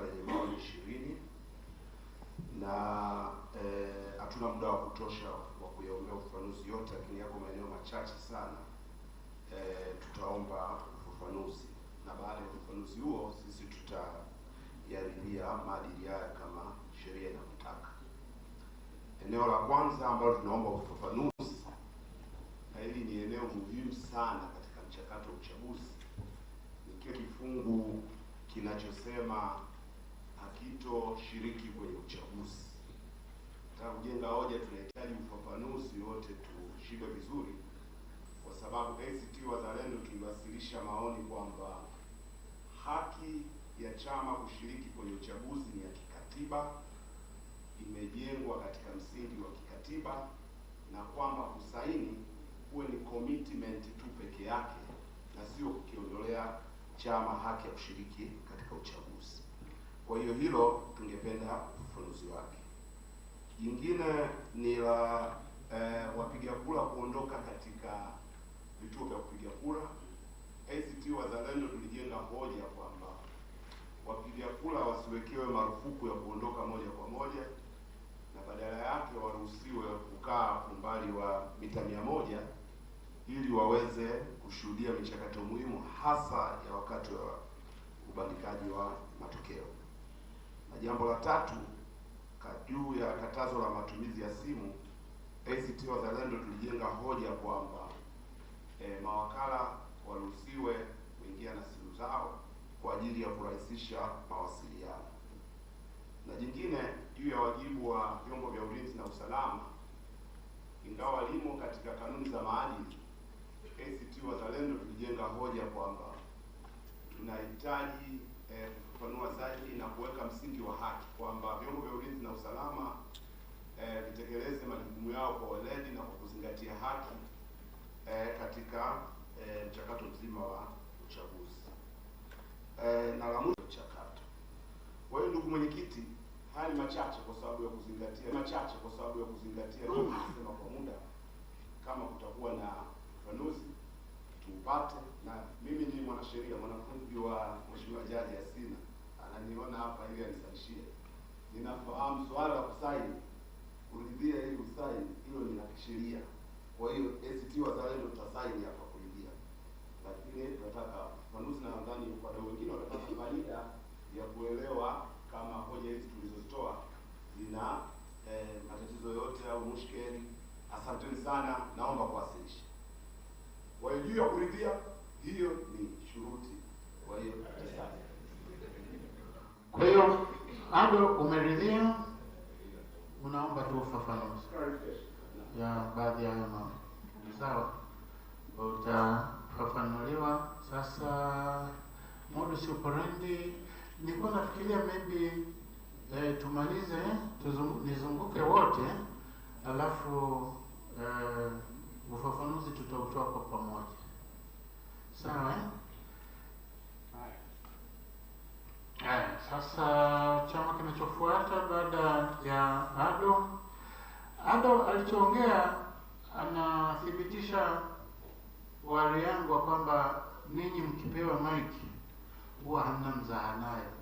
hekta lenye ishirini na eh, hatuna muda wa kutosha wa kuyaombea ufafanuzi yote, lakini yako maeneo machache sana eh, tutaomba ufafanuzi na baada ya ufafanuzi huo sisi tutayaridhia maadili haya kama sheria inavyotaka. Eneo la kwanza ambalo tunaomba ufafanuzi, na hili ni eneo muhimu sana katika mchakato wa uchaguzi, ni kile kifungu kinachosema hakitoshiriki kwenye uchaguzi. Nataka kujenga hoja, tunahitaji ufafanuzi wote tushibe vizuri, kwa sababu ACT Wazalendo tuliwasilisha maoni kwamba haki ya chama kushiriki kwenye uchaguzi ni ya kikatiba, imejengwa katika msingi wa kikatiba, na kwamba kusaini huwe ni commitment tu peke yake na sio kukiondolea chama haki ya kushiriki katika uchaguzi. Kwa hiyo hilo tungependa ufafanuzi wake. Jingine ni la eh, wapiga kura kuondoka katika vituo vya kupiga kura. ACT Wazalendo tulijenga hoja kwamba wapiga kura wasiwekewe marufuku ya kuondoka moja kwa moja na badala yake waruhusiwe kukaa umbali wa mita mia moja ili waweze kushuhudia michakato muhimu hasa ya wakati wa ubandikaji wa matokeo. Na jambo la tatu juu ya katazo la matumizi ya simu, ACT Wazalendo tulijenga hoja kwamba e, mawakala waruhusiwe kuingia na simu zao kwa ajili ya kurahisisha mawasiliano, na jingine juu ya wajibu wa vyombo vya ulinzi na usalama ingawa na kuzingatia haki e, katika e, mchakato mzima wa uchaguzi e, na la mwisho mchakato. Kwa hiyo ndugu mwenyekiti, haya ni machache kwa sababu ya kuzingatia machache kwa sababu ya kuzingatia sema kwa muda, kama kutakuwa na ufanuzi tuupate, na mimi ni mwanasheria mwanafunzi wa mheshimiwa Jaji Yasina ananiona hapa ili anisaishie ninafahamu swala la kusaini kwa hiyo ACT Wazalendo tutasaini hapa kuingia, lakini nataka manuzi na nadhani wadau wengine watapata faida ya kuelewa kama hoja hizi tulizozitoa zina eh, matatizo yote au mushkeli. Asanteni sana, naomba kuwasilisha. Kwa hiyo juu ya kuridhia hiyo ni shuruti. Kwa hiyo kwa hiyo hapo umeridhia, unaomba tu ufafanuzi ya baadhi ya hayo makundi zao utafafanuliwa sasa. Modus operandi nilikuwa nafikiria maybe eh, tumalize tuzung, nizunguke wote alafu eh, ufafanuzi tutautoa kwa pamoja, sawa eh? sasa chama kinachofuata baada ya ADO hata alichoongea anathibitisha wale yangu kwamba ninyi mkipewa maiki huwa hamna mzaha nayo